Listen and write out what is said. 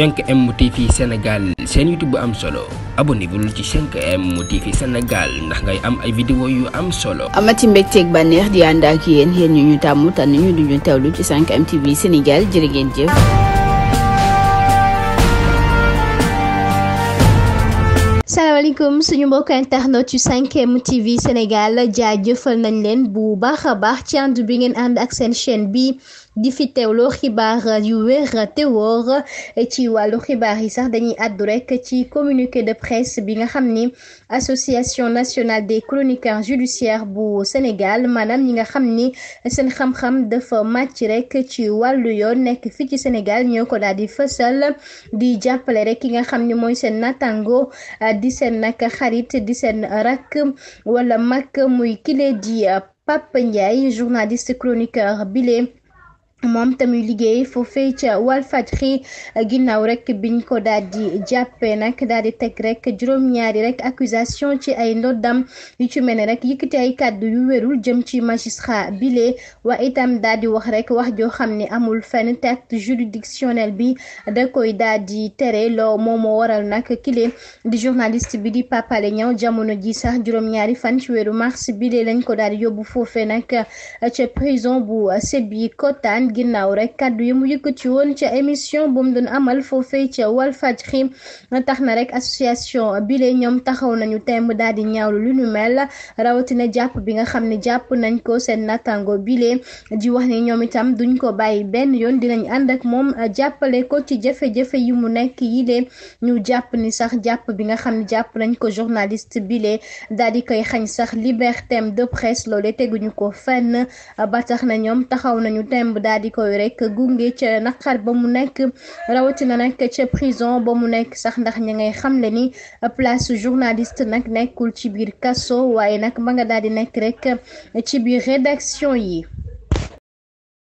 5M TV Sénégal bu am solo abonné ci 5M TV Sénégal ndax ngay am ay vidéo yu am solo. amati mbégteeg bànneex di ànd ak yéen yéen ñu ñu tàmm ci 5M TV Sénégal jërë suñu mbokk internet yu 5M TV Sénégal jaajëfal nañ leen bu baax a baax ci ànd bi ngeen ànd ak seen chaîne bi. di fi loo xibaar yu wér te wóor e ci wàllu xibaar yi sax dañuy àddu rekk ci communiqué de presse bi nga xam ni association nationale des chroniqueurs judiciaires bu Sénégal maanaam ñi nga xam ni seen xam-xam dafa màcci rek ci wàllu yoon nekk fii ci Sénégal ñoo ko daal di fësal di jàppale rek ki nga xam ni mooy seen nattango di seen nag xarit di seen rakk wala mag muy kile di Pape Ndiaye journaliste chroniqueur bile. moom tamit liggéey foofee ca Walfadjri ginnaaw rek biñ ko daal di jàppee nag daal di teg rek juróom-ñaari rek accusation ci ay ndoddam yu ci mel ne rek yëkkati ay kàddu yu wérul jëm ci magistrat bile wa itam daal di wax rek wax joo xam ni amul fenn te juridictionnel bi da koy daal di tere loo moo moo waral nag kile di journaliste bi di Pape ñaw jamono ji sax juróom-ñaari fan ci weeru mars bile lañ ko daal di yóbbu foofee nag ca prison bu Sébikotane woon ginnaaw rek kàddu yi mu yëkkati woon ca émission bu mu doon amal foofee ca Walfadjri tax na rek association bile ñoom taxaw nañu temb daal di ñaawlu lu ñu mel rawatina jàpp bi nga xam ne jàpp nañ ko seen nattango bile ji wax ne ñoom itam duñ ko bàyyi benn yoon dinañ ànd ak moom jàppale ko ci jafe-jafe yi mu nekk yile ñu jàpp ni sax jàpp bi nga xam ne jàpp nañ ko journaliste bile daal di koy xañ sax liberté de presse loole teguñu ko fenn di koy rek gunge ca naqar ba mu nekk rawatina nag ca prison ba mu nekk sax ndax ña ngay xam ne ni place journaliste nag nekkul ci biir kaso waaye nag ba nga daal di nekk rek ci biir rédaction yi.